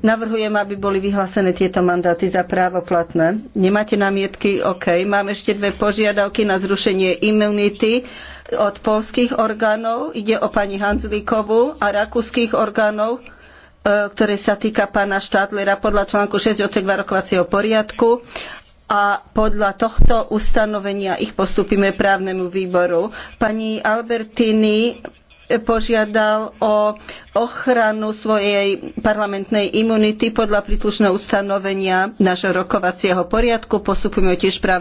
Navrhujem, aby boli vyhlásené tieto mandáty za právoplatné. Nemáte námietky? OK. Mám ešte dve požiadavky na zrušenie imunity od polských orgánov. Ide o pani Hanzlíkovú a rakúskych orgánov e, ktoré sa týka pána Štádlera podľa článku 6 odsek varokovacieho poriadku a podľa tohto ustanovenia ich postupíme právnemu výboru. Pani Albertini požiadal o ochranu svojej parlamentnej imunity podľa príslušného ustanovenia nášho rokovacieho poriadku. Postupujeme tiež právne